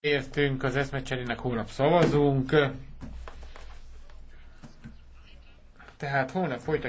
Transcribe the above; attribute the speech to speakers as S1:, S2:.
S1: Értünk az eszmecserének, holnap
S2: szavazunk.
S1: Tehát holnap folytatjuk.